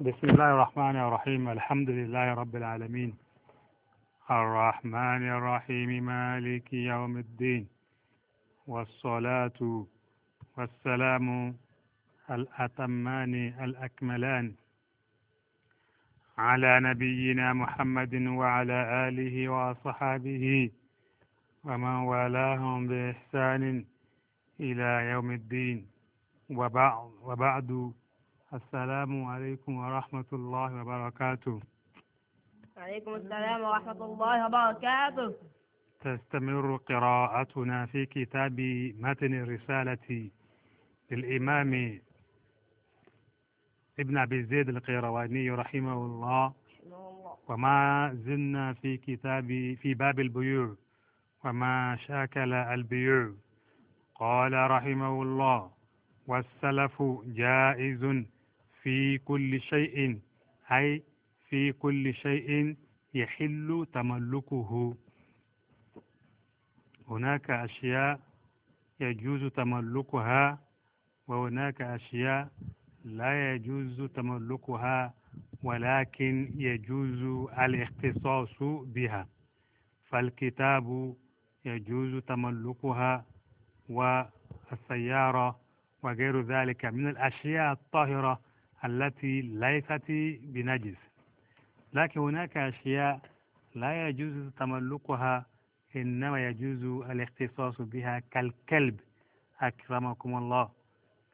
بسم الله الرحمن الرحيم الحمد لله رب العالمين الرحمن الرحيم مالك يوم الدين والصلاة والسلام الأتمان الأكملان على نبينا محمد وعلى آله وصحابه ومن والاهم بإحسان إلى يوم الدين وبعد, وبعد السلام عليكم ورحمة الله وبركاته وعليكم السلام ورحمة الله وبركاته تستمر قراءتنا في كتاب متن الرسالة للإمام ابن أبي زيد القيرواني رحمه الله وما زلنا في كتاب في باب البيوع وما شاكل البيوع قال رحمه الله والسلف جائز في كل شيء أي في كل شيء يحل تملكه هناك أشياء يجوز تملكها وهناك أشياء لا يجوز تملكها ولكن يجوز الاختصاص بها فالكتاب يجوز تملكها والسيارة وغير ذلك من الأشياء الطاهرة التي ليست بنجس لكن هناك أشياء لا يجوز تملكها إنما يجوز الاختصاص بها كالكلب أكرمكم الله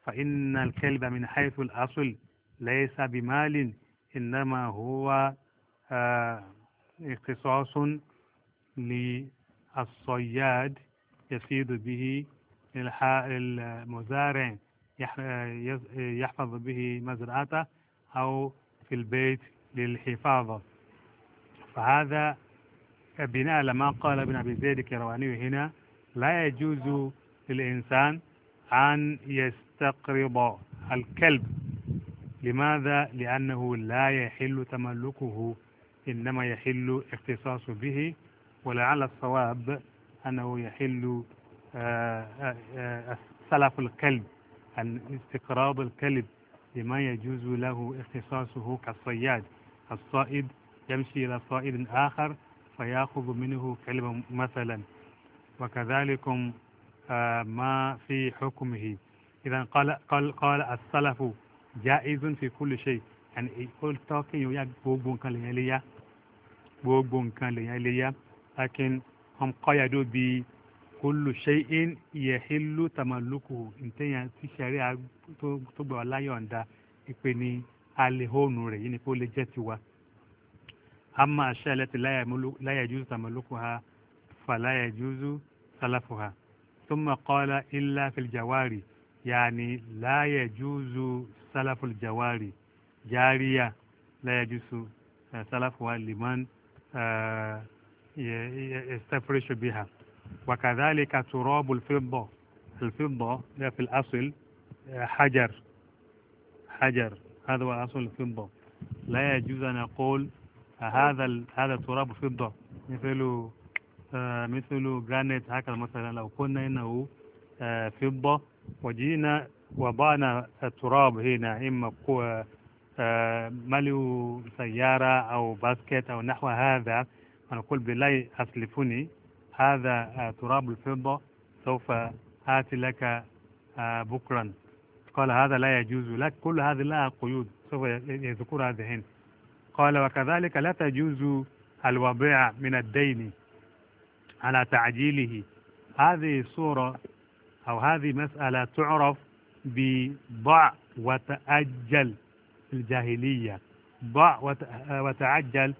فإن الكلب من حيث الأصل ليس بمال إنما هو آه، اختصاص للصياد يصيد به المزارع يحفظ به مزرعته أو في البيت للحفاظ فهذا بناء لما قال ابن أبي زيد كرواني هنا لا يجوز للإنسان أن يستقرض الكلب لماذا؟ لأنه لا يحل تملكه إنما يحل اختصاص به ولعل الصواب أنه يحل آه، آه، آه، سلف الكلب عن استقراض الكلب لما يجوز له اختصاصه كالصياد الصائد يمشي إلى صائد آخر فيأخذ منه كلبا مثلا وكذلك آه، ما في حكمه إذا قال قال قال السلف جائز في كل شيء يعني يقول توكي يا بوبون كان lèyàn بوبون كان nǹkan لكن هم قيدوا kullu shay'in yahillu tamalukuhu ntẹ̀yàn tí sẹ́ríà tó gbà wá láyọ̀ǹda ìpè ní alehónù rẹ̀ yìí ni kó lè jẹ́ tiwa. amma àṣà ẹlẹ́tì la yajuzu tamalukuha fala yajuzu salafuha. thumma qala illa fil jawari yaani la yajuzu salaful jawari jariya la yajuzu eh, salafuha liman eh, yastafirishu biha. وكذلك تراب الفضة الفضة هي في الأصل آه، حجر حجر هذا هو أصل الفضة لا يجوز أن نقول هذا هذا تراب فضة مثل آه، مثل جرانيت هكذا مثلا لو قلنا إنه آه، فضة وجينا وضعنا التراب هنا إما ملو سيارة أو باسكت أو نحو هذا ونقول بالله أسلفني هذا آه، تراب الفضة سوف آتي لك آه، بكرا قال هذا لا يجوز لك كل هذه لها قيود سوف يذكرها ذهن قال وكذلك لا تجوز الوبيع من الدين على تعجيله هذه الصورة أو هذه مسألة تعرف بضع وتأجل في الجاهلية ضع آه، وتعجل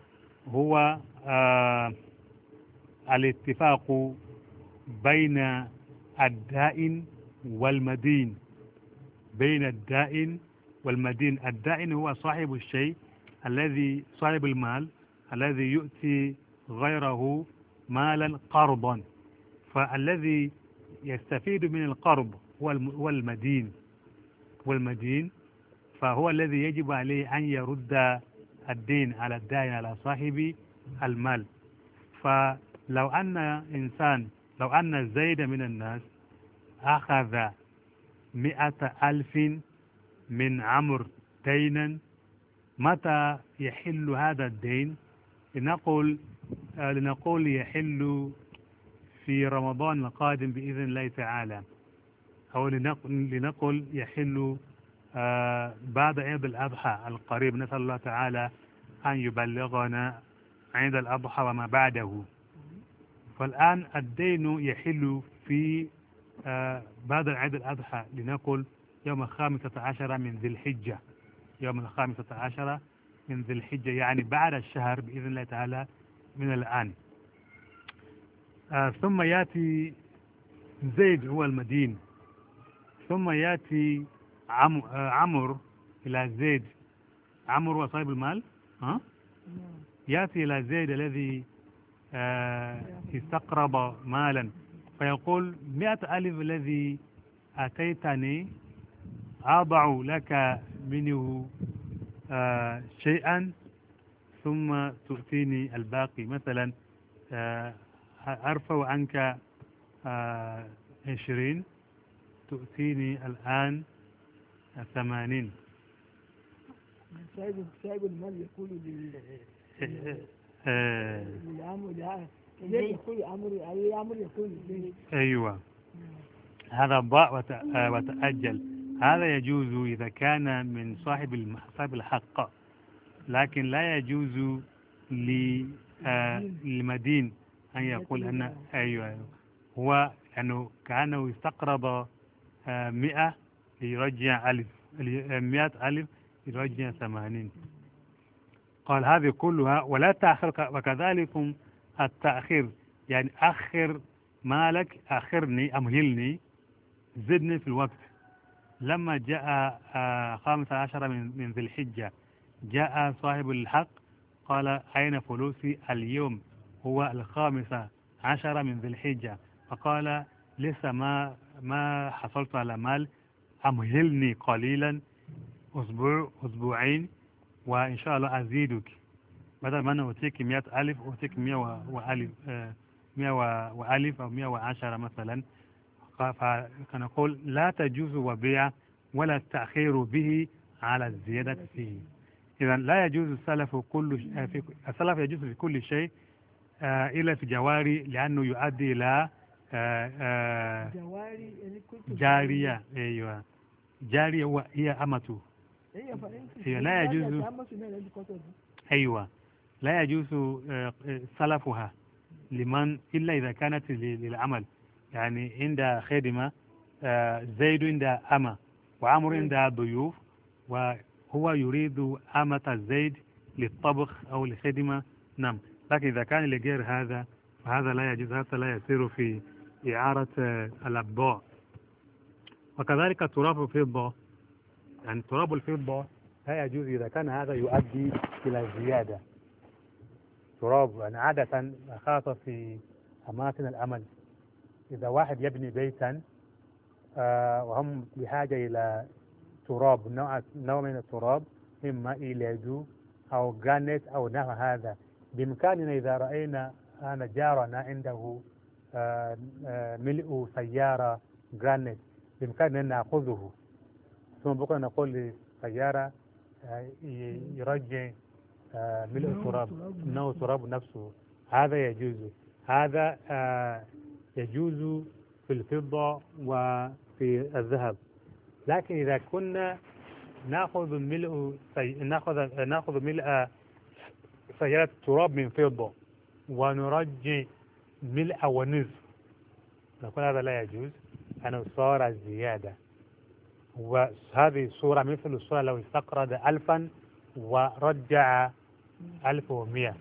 هو آه الاتفاق بين الدائن والمدين بين الدائن والمدين الدائن هو صاحب الشيء الذي صاحب المال الذي يؤتي غيره مالا قرضا فالذي يستفيد من القرض هو المدين والمدين فهو الذي يجب عليه أن يرد الدين على الدائن على صاحب المال ف لو أن إنسان لو أن زيد من الناس أخذ مئة ألف من عمر دينا متى يحل هذا الدين لنقول آه، لنقول يحل في رمضان القادم بإذن الله تعالى أو لنقل يحل آه، بعد عيد الأضحى القريب نسأل الله تعالى أن يبلغنا عيد الأضحى وما بعده فالآن الدين يحل في آه، بعد العيد الأضحى لنقل يوم الخامسة عشر من ذي الحجة يوم الخامسة عشر من ذي الحجة يعني بعد الشهر بإذن الله تعالى من الآن آه، ثم يأتي زيد هو المدين ثم يأتي آه، عمر إلى زيد عمر هو صاحب المال ها؟ نعم. يأتي إلى زيد الذي استقرب مالا فيقول مئة ألف الذي أتيتني أضع لك منه آه، شيئا ثم تؤتيني الباقي مثلا آه، أرفع عنك آه، عشرين تؤتيني الآن ثمانين سايب المال يقول إيه، إيه. آه. أيوة هذا باء آه، وتأجل هذا يجوز إذا كان من صاحب صاحب الحق لكن لا يجوز آه، للمدين أن يقول أن أيوة, أيوة. هو أنه كأنه استقرض مئة يرجع ألف مئة ألف يرجع ثمانين قال هذه كلها ولا تأخر وكذلك التأخير يعني أخر مالك أخرني أمهلني زدني في الوقت لما جاء آه، خامس عشر من ذي الحجة جاء صاحب الحق قال أين فلوسي اليوم هو الخامس عشر من ذي الحجة فقال لسه ما ما حصلت على مال أمهلني قليلا أسبوع أسبوعين وإن شاء الله أزيدك بدل ما أنا أوتيك مئة ألف أوتيك مئة وألف آه، مئة وألف أو مئة وعشرة مثلا فنقول لا تجوز وبيع ولا التأخير به على الزيادة فيه إذا لا يجوز السلف كل آه، في السلف يجوز في كل شيء آه، إلا في جواري لأنه يؤدي إلى جواري يعني جارية أيوه جارية هي أمته هي لا يجوز أيوة لا يجوز آه، آه، سلفها لمن إلا إذا كانت للعمل يعني عند خدمه آه، زيد عند أما وعمر عند أيوة. ضيوف وهو يريد أمة زيد للطبخ أو لخدمة نعم لكن إذا كان لغير هذا فهذا لا يجوز هذا لا يسير في إعارة الأبضاع وكذلك التراب في الفضة يعني تراب الفضة لا يجوز إذا كان هذا يؤدي إلى زيادة تراب يعني عادة خاصة في أماكن الأمل إذا واحد يبني بيتا آه، وهم بحاجة إلى تراب نوع, نوع من التراب إما إيليدو أو جرانيت أو نحو هذا بإمكاننا إذا رأينا أنا جارنا عنده آه، آه، ملء سيارة جرانيت بإمكاننا أن نأخذه ثم بكرة نقول للسيارة آه، يرجع آه، ملء التراب إنه تراب نفسه هذا يجوز هذا آه، يجوز في الفضة وفي الذهب لكن إذا كنا ناخذ ملء ناخذ ناخذ ملء سيارة تراب من فضة ونرجع ملء ونصف نقول هذا لا يجوز أنا صار الزيادة وهذه الصورة مثل الصورة لو استقرض ألفا ورجع ألف ومئة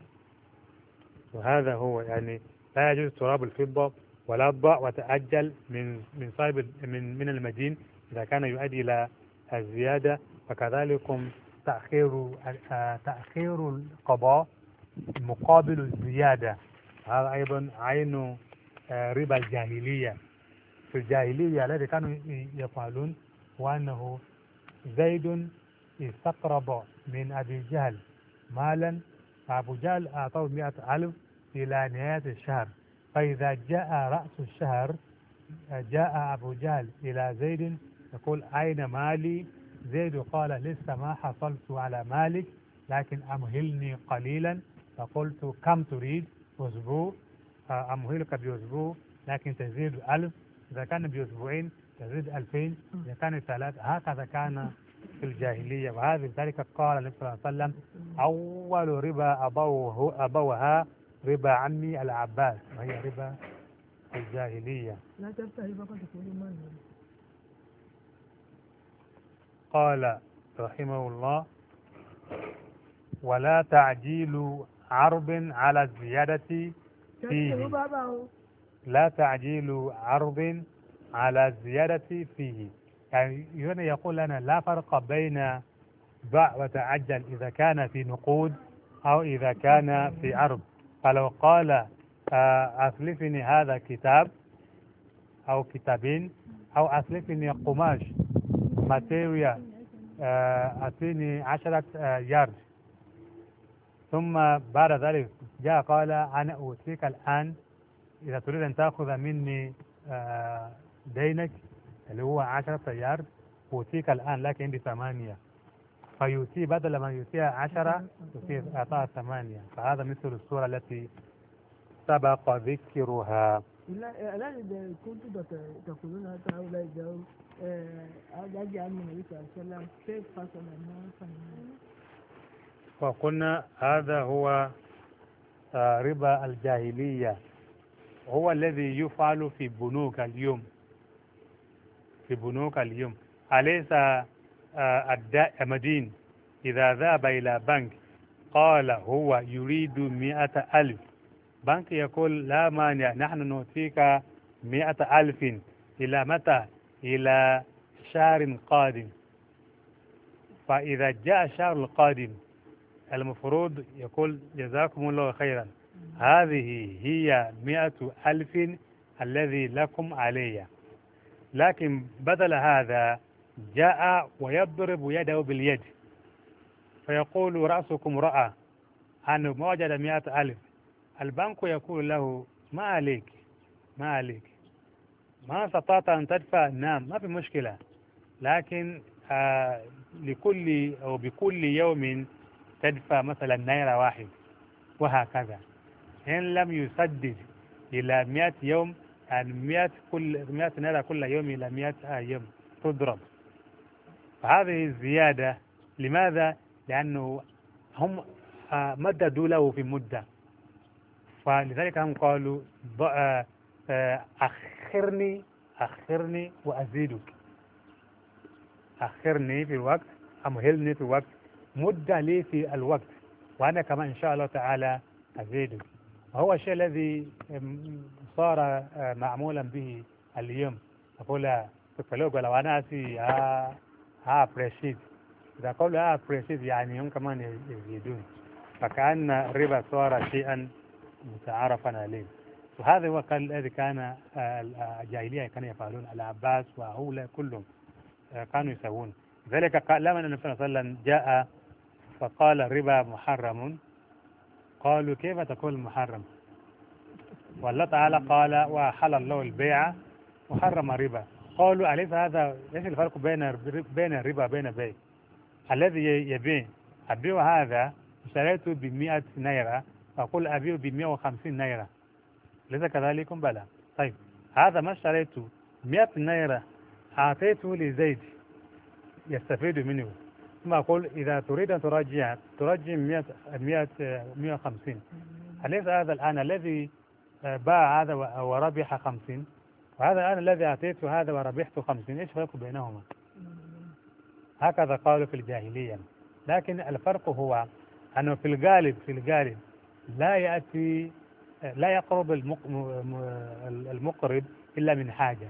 وهذا هو يعني لا يجوز تراب الفضة ولا الضاء وتأجل من من صاحب من من المدين إذا كان يؤدي إلى الزيادة وكذلك تأخير آه، تأخير القضاء مقابل الزيادة هذا أيضا عين آه، ربا الجاهلية في الجاهلية الذي كانوا يفعلون وأنه زيد استقرض من أبي جهل مالا فأبو جهل أعطاه مئة ألف إلى نهاية الشهر فإذا جاء رأس الشهر جاء أبو جهل إلى زيد يقول أين مالي زيد قال لسه ما حصلت على مالك لكن أمهلني قليلا فقلت كم تريد أسبوع أمهلك بأسبوع لكن تزيد ألف إذا كان بأسبوعين تزيد 2000 إذا كان ثلاث هكذا كان في الجاهلية وهذا ذلك قال النبي صلى الله عليه وسلم أول ربا أبوه أبوها ربا عمي العباس وهي ربا في الجاهلية لا فقط قال رحمه الله ولا تعجيل عرب على الزيادة فيه لا تعجيل عرض على الزيادة فيه يعني هنا يقول لنا لا فرق بين باع وتعجل إذا كان في نقود أو إذا كان في أرض فلو قال آه، أسلفني هذا كتاب أو كتابين أو أسلفني قماش ماتيريا أعطيني آه، عشرة آه، يارد ثم بعد ذلك جاء قال أنا أوتيك الآن إذا تريد أن تأخذ مني دينك اللي هو عشرة أيار أوتيك الآن لك عندي ثمانية فيؤتي بدل ما يؤتيها عشرة يؤتي أعطاها ثمانية فهذا مثل الصورة التي سبق ذكرها لا لا كنت تقولون هذا هؤلاء الجو آه، أجي من النبي صلى الله عليه وسلم كيف فصل الناس وقلنا هذا هو آه، ربا الجاهلية هو الذي يفعل في بنوك اليوم في بنوك اليوم أليس آه، آه، الداء مدين إذا ذهب إلى بنك قال هو يريد مئة ألف بنك يقول لا مانع نحن نعطيك مئة ألف إلى متى إلى شهر قادم فإذا جاء الشهر القادم المفروض يقول جزاكم الله خيرا هذه هي مئة ألف الذي لكم عليّ لكن بدل هذا جاء ويضرب يده باليد فيقول رأسكم رأى أنه ما وجد مئة ألف البنك يقول له ما عليك ما عليك ما استطعت أن تدفع نعم ما في مشكلة لكن آه لكل أو بكل يوم تدفع مثلا نيرة واحد وهكذا إن لم يسدد إلى مئة يوم يعني 100 كل 100 نيرة كل يوم إلى 100 آه، يوم تضرب فهذه الزيادة لماذا؟ لأنه هم آه، مددوا له في مدة فلذلك هم قالوا آه، أخرني أخرني وأزيدك أخرني في الوقت أمهلني في الوقت مدة لي في الوقت وأنا كمان إن شاء الله تعالى أزيدك هو الشيء الذي صار آه، معمولا به اليوم أقول تفلوق لو أنا أسي ها آه، آه، ها إذا قول ها بريشيد يعني هم كمان يزيدون فكأن الربا صار شيئا متعارفا عليه وهذا هو الذي كان الجاهلية كانوا يفعلون العباس وهؤلاء كلهم كانوا يسوون ذلك قال لما النبي صلى الله عليه وسلم جاء فقال الربا محرم قالوا كيف تقول محرم والله تعالى قال وحل الله البيع وحرم الربا قالوا أليس هذا ايش الفرق بين بين الربا بين بيع الذي يبيع أبيع هذا اشتريته ب 100 نيرة أقول أبيع ب 150 نيرة ليس كذلك بلى طيب هذا ما اشتريته 100 نيرة أعطيته لزيد يستفيد منه ثم أقول إذا تريد أن تراجع ترجع 100 150 أليس هذا الآن الذي باع هذا وربح خمسين وهذا أنا الذي أعطيت هذا وربحت خمسين إيش الفرق بينهما هكذا قالوا في الجاهلية لكن الفرق هو أنه في الغالب في الغالب لا يأتي لا يقرب المقرب إلا من حاجة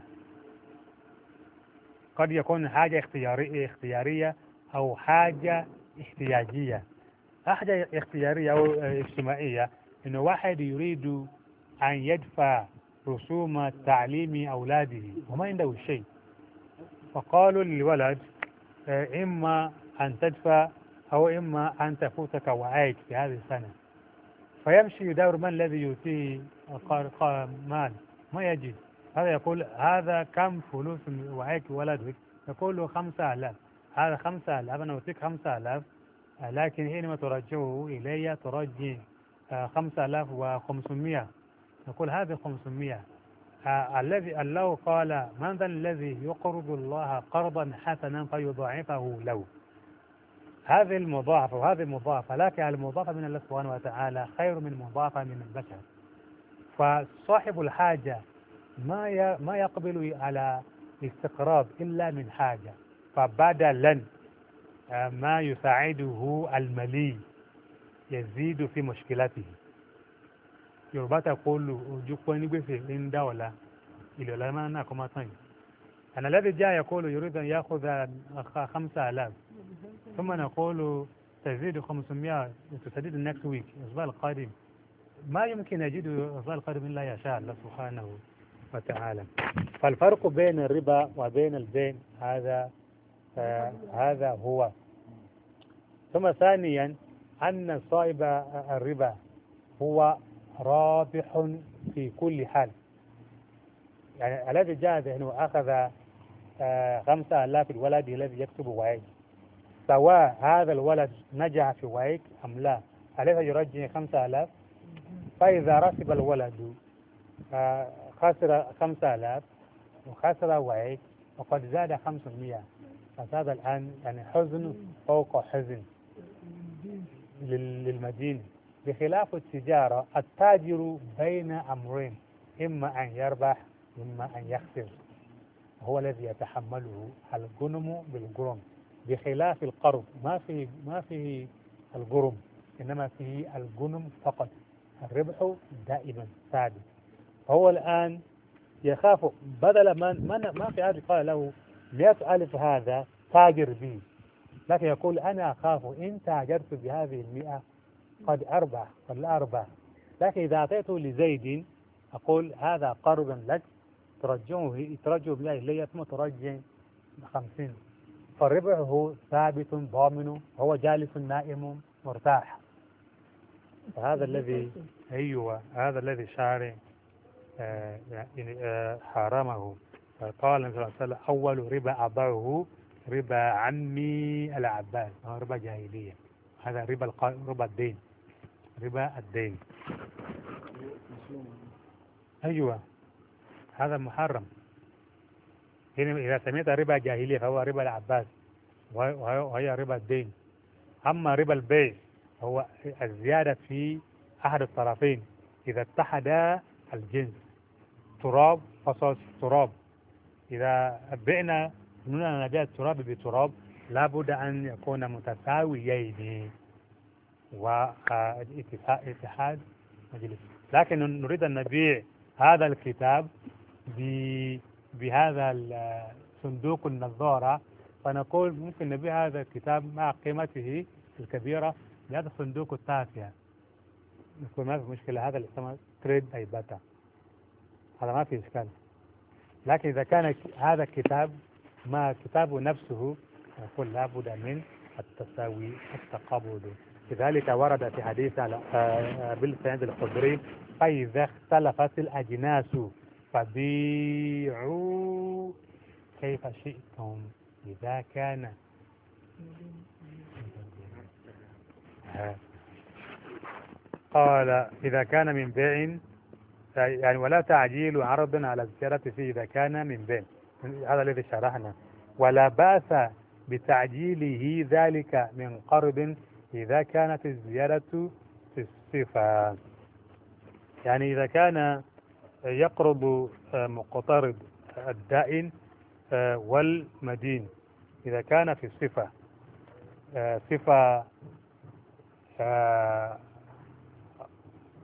قد يكون حاجة اختيارية, اختيارية أو حاجة احتياجية حاجة اختيارية أو اجتماعية إنه واحد يريد أن يدفع رسوم تعليم أولاده وما عنده شيء فقالوا للولد آه، إما أن تدفع أو إما أن تفوتك وعيك في هذه السنة فيمشي يدور من الذي يؤتيه آه، مال ما يجد هذا يقول هذا كم فلوس وعيك ولدك يقول له خمسة آلاف هذا خمسة آلاف أنا أعطيك خمسة آلاف لكن حينما ترجعه إلي ترجع آه، خمسة آلاف وخمسمائة نقول هذه 500 آه، الذي الله قال من ذا الذي يقرض الله قرضا حسنا فيضاعفه له هذه المضاعفة وهذه المضاعفة لكن المضاعفة من الله سبحانه وتعالى خير من مضاعفة من البشر فصاحب الحاجة ما ما يقبل على استقراض إلا من حاجة فبدلا آه، ما يساعده الملي يزيد في مشكلته yorùbá tàkó lù ojú pọ́n ní gbèsè ń dá ọ̀la ilẹ̀ ọ̀la máa ń nà kọ́ máa tán yìí ànàlẹ́dẹ̀ jẹ́ àyẹ̀kọ́ lù yorùbá yà kó za àkàmsà àlà tó mọ̀ nà kó lù تزيد 500 تسديد next week الأسبوع القادم ما يمكن يجد الأسبوع القادم إلا يشاء الله سبحانه وتعالى فالفرق بين الربا وبين الدين هذا آه هذا هو ثم ثانيا أن صاحب الربا هو رابح في كل حال يعني الذي جاز أنه أخذ آه، خمسة آلاف الولد الذي يكتب وعيك سواء هذا الولد نجح في وعيك أم لا أليس يرجع خمسة آلاف فإذا رسب الولد آه، خسر خمسة آلاف وخسر وعيك وقد زاد مئة فهذا الآن يعني حزن فوق حزن للمدينة بخلاف التجارة التاجر بين أمرين إما أن يربح إما أن يخسر هو الذي يتحمله الجنم بالجرم بخلاف القرض ما فيه ما فيه الجرم إنما فيه الجنم فقط الربح دائما ثابت فهو الآن يخاف بدل ما ما في أحد قال له مئة ألف هذا تاجر بي لكن يقول أنا أخاف إن تاجرت بهذه المئة قد أربع قد أربع لكن إذا أعطيته لزيد أقول هذا قرض لك ترجعه ترجعه إلي ثم ترجع خمسين فربعه ثابت ضامن هو جالس نائم مرتاح هذا الذي أيوة هذا الذي شعر آه،, يعني، آه حرمه قال النبي صلى الله عليه وسلم أول ربا أضعه ربا عمي العباس ربا جاهلية هذا ربا ربا الدين ربا الدين أيوة هذا محرم هنا إذا سميت ربا جاهلية فهو ربا العباس وهي ربا الدين أما ربا البيع هو الزيادة في أحد الطرفين إذا اتحدا الجنس تراب فصاص تراب إذا بعنا من نبيع التراب بتراب لابد أن يكون متساويين واتحاد مجلس لكن نريد أن نبيع هذا الكتاب بهذا صندوق النظارة فنقول ممكن نبيع هذا الكتاب مع قيمته الكبيرة بهذا الصندوق التاسع نقول ما في مشكلة هذا اللي يسمى تريد أي باتا هذا ما في إشكال لكن إذا كان هذا الكتاب ما كتابه نفسه نقول لابد من التساوي التقابل لذلك ورد في حديث على آه، آه، سعيد الخدري فإذا اختلفت الأجناس فبيعوا كيف شئتم إذا كان قال إذا كان من بيع يعني ولا تعجيل عرض على الزيارة فيه إذا كان من بيع هذا الذي شرحنا ولا بأس بتعجيله ذلك من قرض إذا كانت الزيادة في الصفة يعني إذا كان يقرب آه، مقترض الدائن آه، والمدين إذا كان في الصفة صفة آه،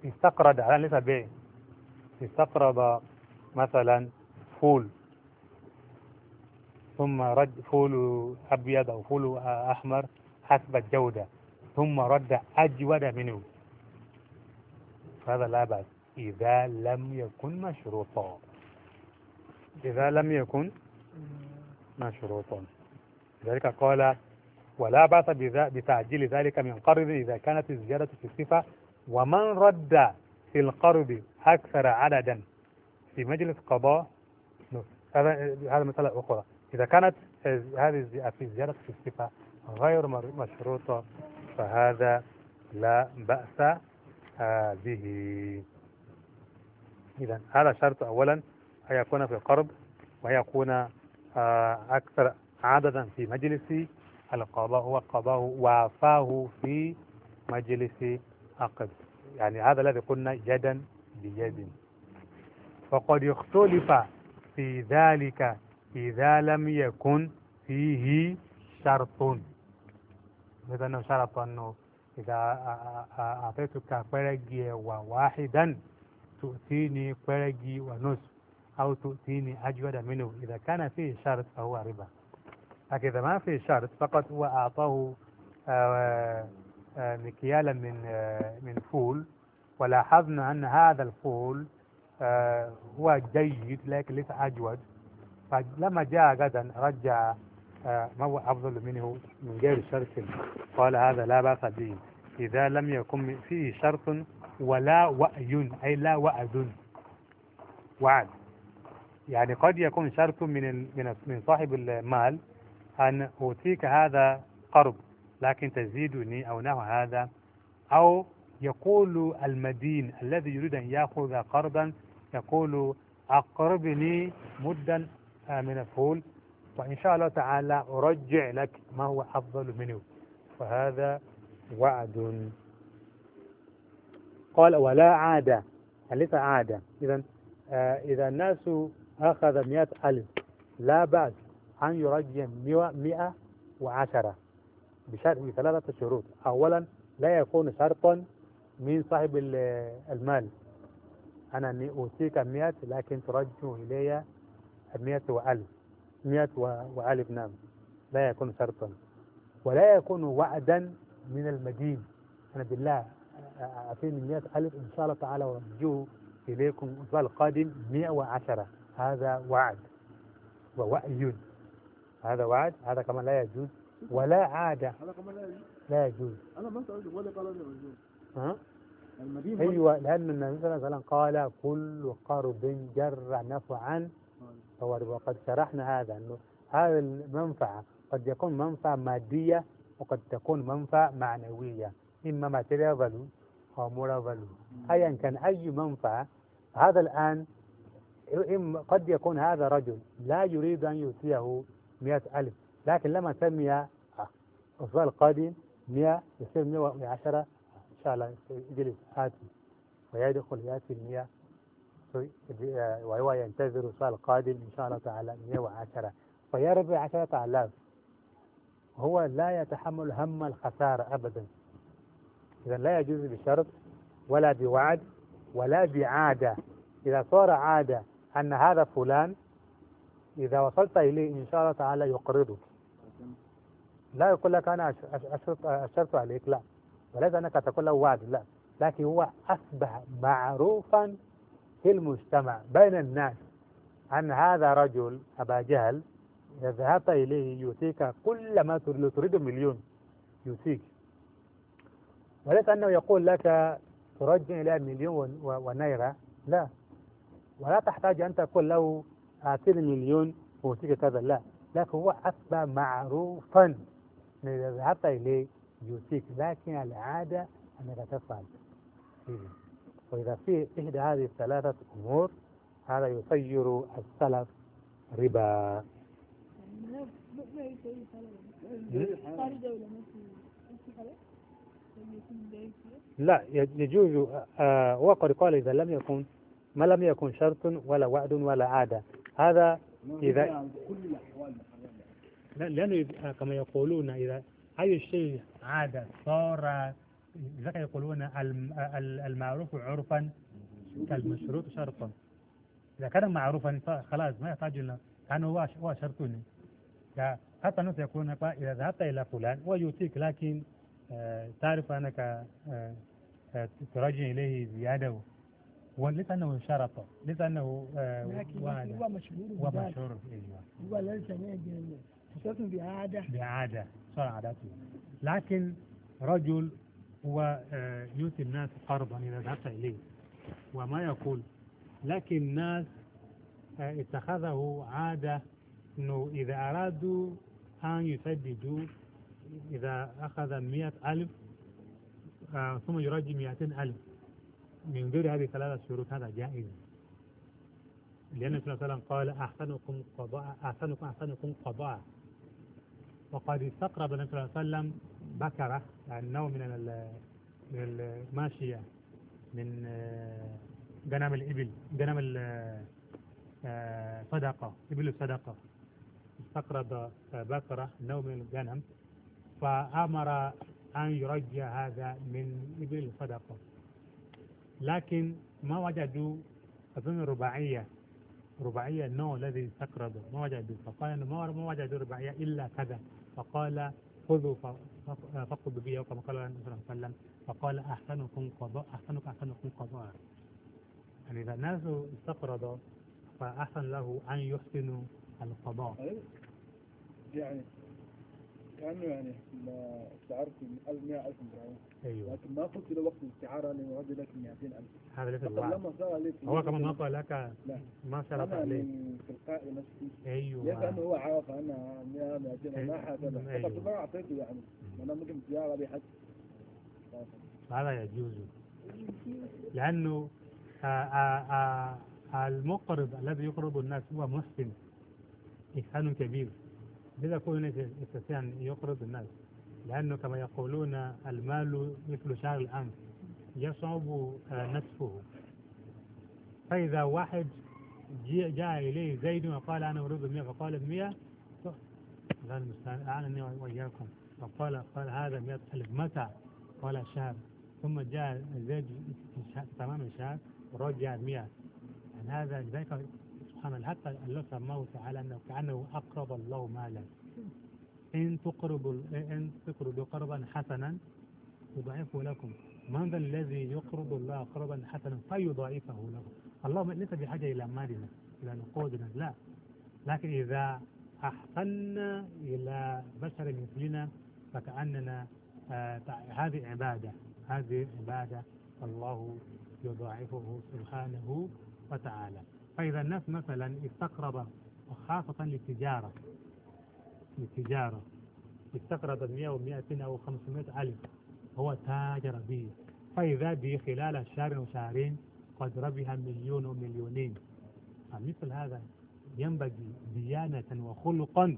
استقرض على ليس بيع استقرض مثلا فول ثم رد فول أبيض أو فول أحمر حسب الجودة ثم رد أجود منه فهذا لا بأس إذا لم يكن مشروطا إذا لم يكن مشروطا لذلك قال ولا بأس بتعجيل ذلك من قرض إذا كانت الزيادة في الصفة ومن رد في القرض أكثر عددا في مجلس قضاء هذا هذا مسألة أخرى إذا كانت هذه الزيادة في الصفة غير مشروطة فهذا لا بأس به إذا هذا شرط أولا أن يكون في القرب وأن يكون آه، أكثر عددا في مجلس القضاء والقضاء وافاه في مجلس عقد يعني هذا الذي قلنا يدا بيد وقد اختلف في ذلك إذا لم يكن فيه شرط مثلا شرط أنه إذا أعطيتك فرقي واحدا تؤتيني فرقي ونصف أو تؤتيني أجود منه إذا كان فيه شرط فهو ربا لكن إذا ما فيه شرط فقط هو أعطاه آه، آه، مكيالا من آه، من فول ولاحظنا أن هذا الفول هو جيد لكن ليس أجود فلما جاء غدا رجع ما هو أفضل منه من غير شرط قال هذا لا بأس به إذا لم يكن فيه شرط ولا وأي أي لا وعد وعد يعني قد يكون شرط من من صاحب المال أن أوتيك هذا قرض لكن تزيدني أو نحو هذا أو يقول المدين الذي يريد أن يأخذ قرضا يقول أقربني مدا آه، من الفول وإن شاء الله تعالى أرجع لك ما هو أفضل منه فهذا وعد قال ولا عادة أليس عادة إذا آه، إذا الناس أخذ مئة ألف لا بأس أن يرجع مئة وعشرة بشرط بثلاثة شروط أولا لا يكون شرطا من صاحب المال أنا أوصيك مئة لكن ترجع إلي مئة وألف مئة وألف نعم لا يكون شرطا ولا يكون وعدا من المدين أنا بالله أعطيني مئة ألف إن شاء الله تعالى وأرجوه إليكم الأسبوع القادم مئة وعشرة هذا وعد ووعي هذا وعد هذا كمان لا يجوز ولا عادة هذا كمان لا يجوز لا يجوز أنا ما سألت ولا قال لا يجوز ها أيوة لأن النبي صلى الله عليه وسلم قال كل قرب جر نفعا الصوارف وقد شرحنا هذا أنه هذه المنفعة قد يكون منفعة مادية وقد تكون منفعة معنوية إما ماتيريا value أو مورا value أيا كان أي منفعة هذا الآن قد يكون هذا رجل لا يريد أن يؤتيه مئة ألف لكن لما سمي الأسبوع القادم مئة يصير مئة وعشرة إن شاء الله يجلس آتي ويدخل يأتي المئة آه، وهو ينتظر السؤال القادم إن شاء الله تعالى 110 فيربي 10000 هو لا يتحمل هم الخسارة أبدا إذا لا يجوز بشرط ولا بوعد ولا بعادة إذا صار عادة أن هذا فلان إذا وصلت إليه إن شاء الله تعالى يقرضك لا يقول لك أنا أشرط, أشرط عليك لا وليس أنك تقول له وعد لا لكن هو أصبح معروفا في المجتمع بين الناس أن هذا رجل أبا جهل ذهبت إليه يؤتيك كل ما تريد مليون يؤتيك وليس أنه يقول لك ترجع إلى مليون ونيرة لا ولا تحتاج أن تقول له أعطيني مليون وأعطيك كذا لا لكن هو أصبح معروفا إذا ذهبت إليه يؤتيك لكن العادة أنك تفعل إيه. وإذا في إحدى هذه الثلاثة أمور هذا يسير السلف ربا لا يجوز آه قال إذا لم يكن ما لم يكن شرط ولا وعد ولا عادة هذا إذا لأنه كما يقولون إذا أي شيء عادة صار لذلك يقولون المعروف عرفا كالمشروط شرطا إذا كان معروفا خلاص ما يحتاج إلى أنا هو شرطني حتى الناس يقولون إذا ذهبت إلى فلان ويؤتيك لكن آه، تعرف أنك آه، آه، تراجع إليه زيادة وليس أنه شرط ليس أنه مشهور هو مشهور ومشهور إيوه. هو ليس مجرم بإعادة بإعادة صار عادته لكن رجل هو آه، يؤتي الناس قرضا إذا ذهبت إليه وما يقول لكن الناس آه، اتخذه عادة أنه إذا أرادوا أن يسددوا إذا أخذ مئة ألف آه، ثم يرجي مئتين ألف من غير هذه ثلاثة شروط هذا جائز لأن النبي صلى الله عليه وسلم قال أحسنكم قضاء أحسنكم أحسنكم قضاء وقد استقرب النبي صلى الله عليه وسلم بكرة النوع من من الماشية من آه، غنم الإبل غنم الصدقة آه، إبل الصدقة استقرض بكرة نوع من الغنم فأمر أن يرجع هذا من إبل الصدقة لكن ما وجدوا أظن رباعية رباعية النوع الذي استقرضه ما وجدوا فقال ما وجدوا رباعية إلا كذا فقال خذوا فاقض بي كما قال النبي صلى الله عليه وسلم فقال أحسنكم قضاء أحسنكم أحسنكم قضاء يعني إذا الناس استقرض فأحسن له أن يحسن القضاء يعني كانه يعني استعرت 100000 ايوه لكن ما قلت له وقت الاستعاره لانه رد لك 200000 هذا ليس الوعد لما صار هو كمان ما قال لك ما صار يعني عليه تلقائي نفسي ايوه لانه هو عارف انا 100 200 ما أيوة. حاسبها أيوة. ما اعطيته يعني انا ما كنت زياره بحد هذا يجوز لانه آآ آه، آآ آه، آه، المقرض الذي يقرض الناس هو محسن إحسان كبير لذا كل الإنسان يقرض الناس لأنه كما يقولون المال مثل شعر الأنف يصعب نسفه فإذا واحد جاء إليه زيد وقال أنا أريد المئة فقال المئة قال المستعان أعني وإياكم فقال قال هذا مئة ألف متى قال شهر ثم جاء زيد تمام الشهر ورجع المئة هذا لذلك سبحان الله حتى الله سماه تعالى أنه كأنه أقرب الله مالا إن تقربوا إن تقربوا قربا حسنا يضاعفه لكم من ذا الذي يقرض الله قرضا حسنا فيضاعفه له اللهم ليس بحاجة إلى مالنا إلى نقودنا لا لكن إذا أحسنا إلى بشر مثلنا فكأننا آه، هذه عبادة هذه عبادة الله يضاعفه سبحانه وتعالى فإذا الناس مثلا استقرب وخاصة للتجارة للتجارة استقرب 100 و200 أو 500 ألف هو تاجر به فإذا به خلال شهر وشهرين قد ربح مليون ومليونين فمثل هذا ينبغي ديانة وخلقا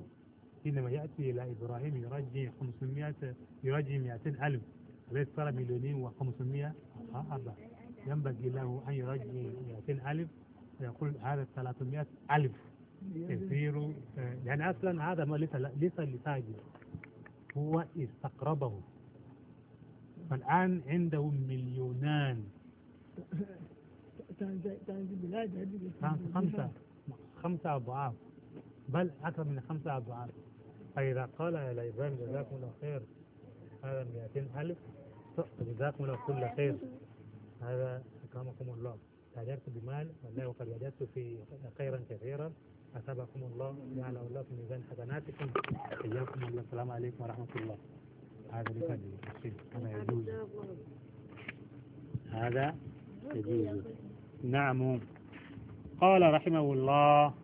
حينما يأتي إلى إبراهيم يرجي 500 يرجي 200 ألف أليس صار مليونين و500 أبا ينبغي له أن يرجي 200 ألف يقول هذا 300 ألف كثير آه، يعني أصلا هذا ما ليس ليس لتاجر هو استقربه فالآن عنده مليونان خمسة خمسة أضعاف بل أكثر من خمسة أضعاف فإذا قال يا ليبان جزاكم الله خير هذا 200 ألف جزاكم الله كل خير هذا أكرمكم الله تاجرت بمال والله وقد وجدت في خيرا كثيرا أثابكم الله جعل الله في ميزان حسناتكم حياكم الله السلام عليكم ورحمة الله هذا لفضل أنا يجوز هذا يجوز نعم قال رحمه الله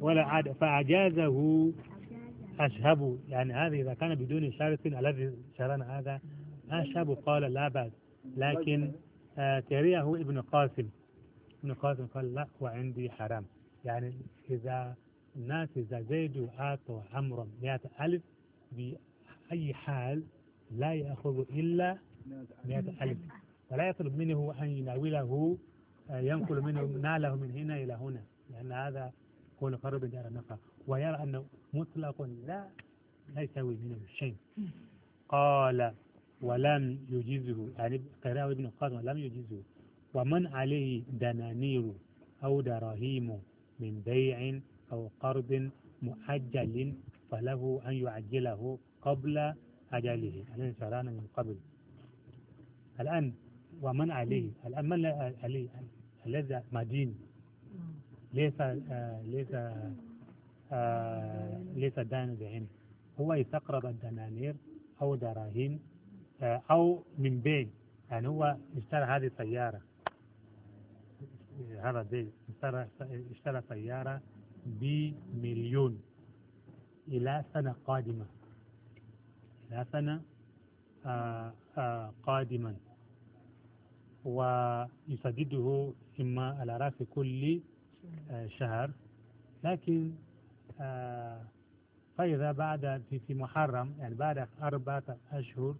ولا عاد فأجازه أشهب يعني هذا إذا كان بدون شرط الذي شرنا هذا أشهب قال لا بأس لكن كرهه آه، ابن قاسم ابن قاسم قال لا وعندي حرام يعني إذا الناس إذا زيدوا أعطوا عمرا مئة ألف بأي حال لا يأخذ إلا مئة ألف ولا يطلب منه أن يناوله آه، ينقل منه ناله من هنا إلى هنا لأن هذا هو القرب دار النفع ويرى أنه مطلق لا لا يساوي منه شيء قال ولم يجزه يعني قراءة ابن القاسم لم يجزه ومن عليه دنانير أو دراهيم من بيع أو قرض مؤجل فله أن يعجله قبل أجله الذي شرعنا من قبل الآن ومن عليه الآن من عليه الذي مدين ليس آه، ليس آه، ليس دان بعين هو يستقرض الدنانير أو دراهم آه، أو من بين يعني هو اشترى هذه السيارة هذا دي اشترى اشترى سيارة بمليون إلى سنة قادمة إلى سنة آآ آه، آآ آه، قادما ويسدده إما على رأس كل شهر لكن فإذا بعد في محرم يعني بعد أربعة أشهر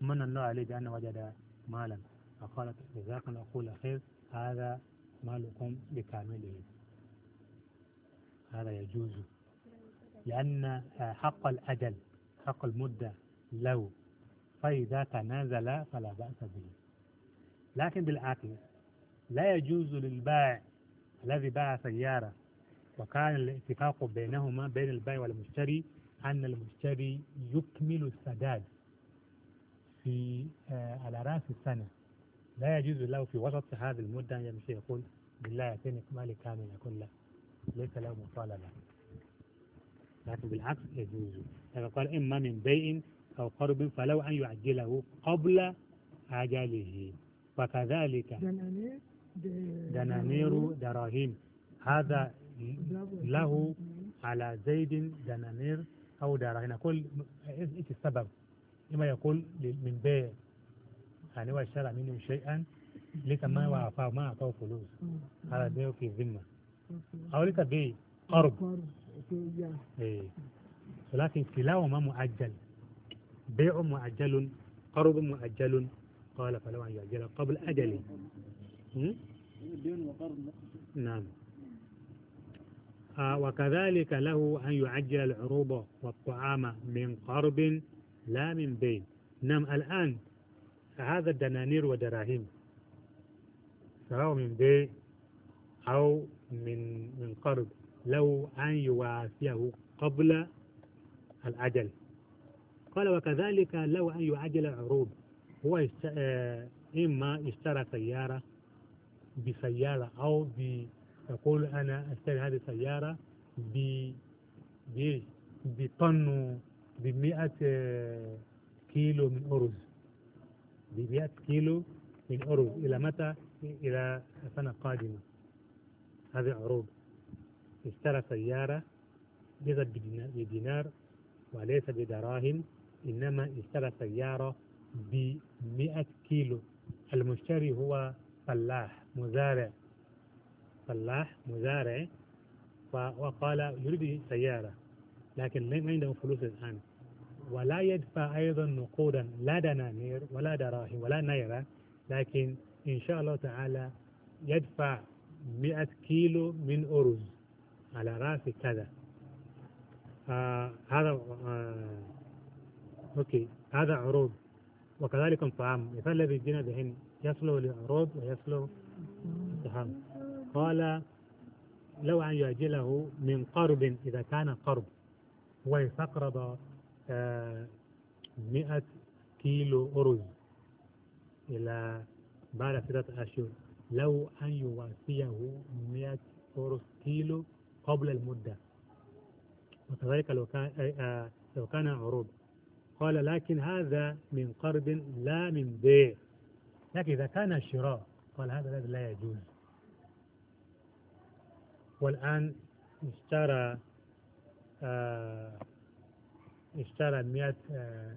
من الله عليه بأن وجد مالا فقالت جزاك الله أقول خير هذا مالكم بكامله هذا يجوز لأن آه، حق الأجل حق المدة لو فإذا تنازل فلا بأس به لكن بالعكس لا يجوز للبائع الذي باع سيارة وكان الاتفاق بينهما بين البائع والمشتري أن المشتري يكمل السداد في آه، على رأس السنة لا يجوز له في وسط هذه المدة أن يمشي يقول بالله يعطيني مالي كامل يقول لا ليس له مطالبة لكن بالعكس يجوز لأنه قال إما من بيع أو قرب فلو أن يعجله قبل أجله وكذلك دنانير دراهم هذا له على زيد دنانير أو دراهم كل إيش السبب لما يقول من بيع يعني اشترى منه شيئا لك ما وعفاه ما أعطاه فلوس هذا بيع في الذمة أو لك بيع قرض إيه. إيه ولكن كلاهما مؤجل بيع مؤجل قرض مؤجل قال فلو أن يؤجل قبل أجله نعم آه وكذلك له أن يعجل العروض والطعام من قرض لا من بين نعم الآن هذا دنانير ودراهم سواء من بيع أو من من قرض له أن يوافيه قبل الأجل قال وكذلك لو أن يعجل العروض هو آه، إما اشترى سيارة بسيارة أو يقول أنا أشتري هذه السيارة ب... بطن بمئة كيلو من أرز بمئة كيلو من أرز إلى متى؟ إلى سنة قادمة هذه عروض اشترى سيارة ليست بدينار وليس بدراهم إنما اشترى سيارة بمئة كيلو المشتري هو فلاح مزارع فلاح مزارع وقال يريد سيارة لكن لم عنده فلوس الآن ولا يدفع أيضا نقودا لا دنانير ولا دراهم ولا نيرة لكن إن شاء الله تعالى يدفع مئة كيلو من أرز على رأس كذا آه هذا آه أوكي هذا عروض وكذلك الطعام فالذي جينا بهن يصلوا للعروض ويصلوا الطعام قال لو أن يعجله من قرب إذا كان قرب ويستقرض آه، مئة كيلو أرز إلى بعد ثلاثة أشهر لو أن يواسيه مئة أرز كيلو قبل المدة وكذلك لو كان آه، لو كان عروض قال لكن هذا من قرض لا من بيع لكن إذا كان شراء قال هذا الذي لا يجوز والآن اشترى آه اشترى 100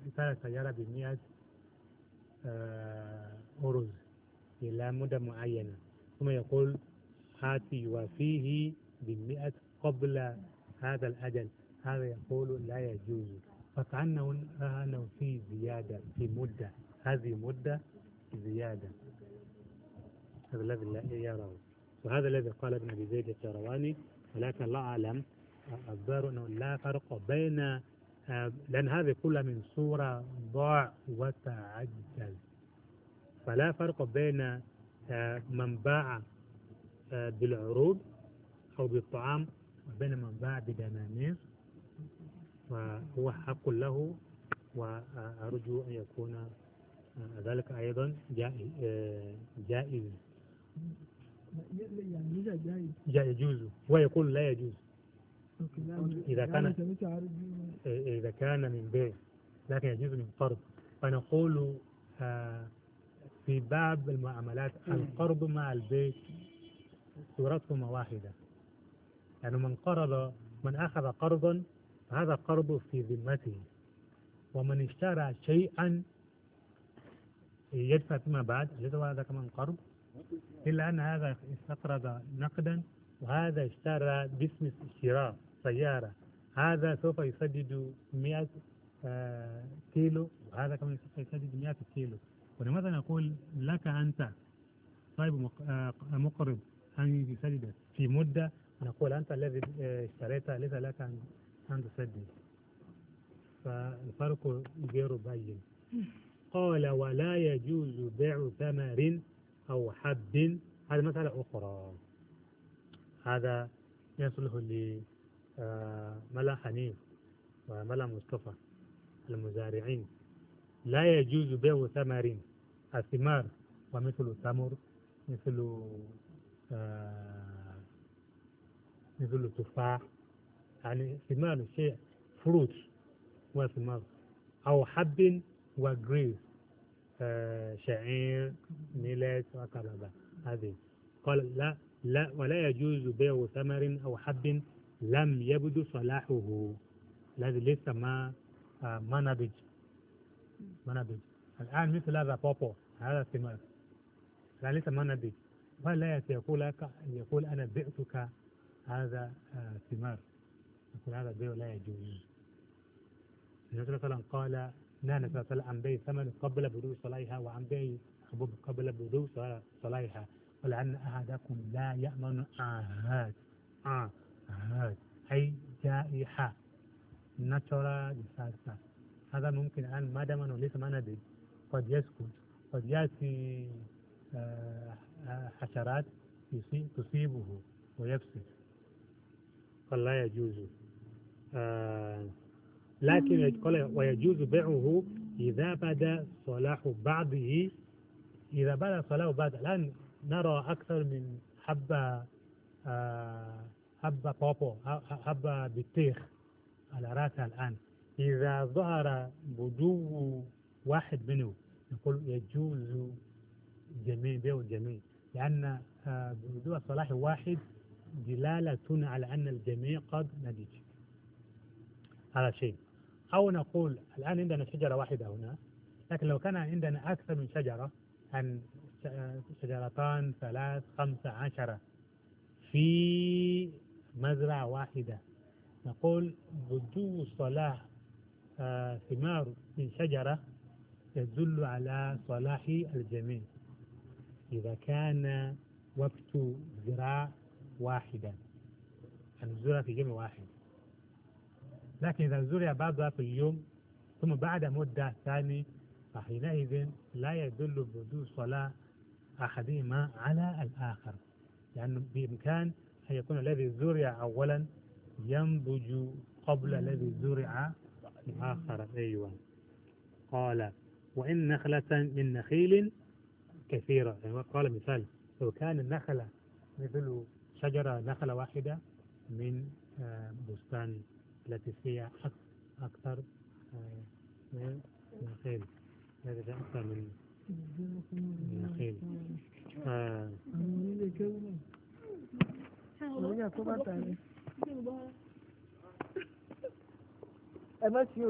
اشترى آه، سيارة ب 100 آه، أرز إلى مدة معينة ثم يقول هات يوافيه بالمئة قبل هذا الأجل هذا يقول لا يجوز فكأنه أنه في زيادة في مدة هذه مدة زيادة هذا الذي لا يراه وهذا الذي قال ابن أبي زيد الشهرواني ولكن الله أعلم الظاهر أنه لا فرق بين آه، لأن هذه كلها من صورة ضاع وتعجل فلا فرق بين آه، من باع آه، بالعروض أو بالطعام وبين من باع بدنانير فهو حق له وأرجو أن يكون ذلك أيضا جائز جائز يعني يجوز ويقول لا يجوز إذا كان يعني إيه، إذا كان من بيع لكن يجوز من قرض فنقول آه، في باب المعاملات إيه. القرض مع البيع صورتهما واحدة يعني من قرض من أخذ قرضا فهذا قرض في ذمته ومن اشترى شيئا يدفع فيما بعد ليس هذا كمان قرض إلا أن هذا استقرض نقدا وهذا اشترى باسم الشراء سيارة هذا سوف يسدد 100 آه، كيلو وهذا كمان سوف يسدد 100 كيلو ولماذا نقول لك أنت صاحب طيب آه، مقرض أن يسدد في مدة نقول أنت الذي آه، اشتريت ليس لك أن تسدد فالفرق غير بين قال ولا يجوز بيع ثمر أو حب هذا مسألة أخرى هذا يصلح آه، ملا حنين وملا مصطفى المزارعين لا يجوز بيع ثمر الثمار ومثل التمر مثل آه، مثل التفاح يعني ثمار شيء فروت وثمار أو حب وجريز آه، شعير ميلات وكذا هذه قال لا لا ولا يجوز بيع ثمر أو حب لم يبدو صلاحه الذي ليس ما ما نضج ما نضج الآن مثل هذا بابو هذا ثمار لا ليس ما نضج فلا يقول لك يقول أنا بعتك هذا آه، ثمار يقول هذا البيع لا يجوز النبي صلى الله قال نهى صلى الله عليه وسلم عن بيع ثمن قبل بدو صلاحها وعن بيع حبوب قبل بدو صلاحها ولأن أحدكم لا يأمن عهد آه أي جائحة natural disaster هذا ممكن الآن ما دام أنه ليس ما ندري قد يسكت قد يأتي آه، آه، حشرات تصيبه ويفسد فلا يجوز آه، لكن ويجوز بيعه إذا بدا صلاح بعضه إذا بدا صلاح بعض الآن نرى أكثر من حبة آه هبة بوبو هبة بطيخ على رأسها الآن إذا ظهر بدو واحد منه يقول يجوز جميع بيع الجميع لأن آه، بدو صلاح واحد دلالة على أن الجميع قد نتج هذا شيء أو نقول الآن عندنا شجرة واحدة هنا لكن لو كان عندنا أكثر من شجرة أن شجرتان ثلاث خمسة عشرة في مزرعة واحدة نقول بدو صلاح آه، ثمار من شجرة يدل على صلاح الجميع إذا كان وقت زراعة واحدا أن يعني زرع في يوم واحد لكن إذا زرع بعضها في اليوم ثم بعد مدة ثانية فحينئذ لا يدل بدو صلاة أحدهما على الآخر لأنه يعني بإمكان يكون الذي زرع أولا ينضج قبل الذي زرع آخر أيوة قال وإن نخلة من نخيل كثيرة يعني قال مثال لو كان النخلة مثل شجرة نخلة واحدة من آه، بستان التي فيها آه، أكثر من نخيل أكثر من نخيل آه ìwúlẹ̀ ẹ má ṣe o.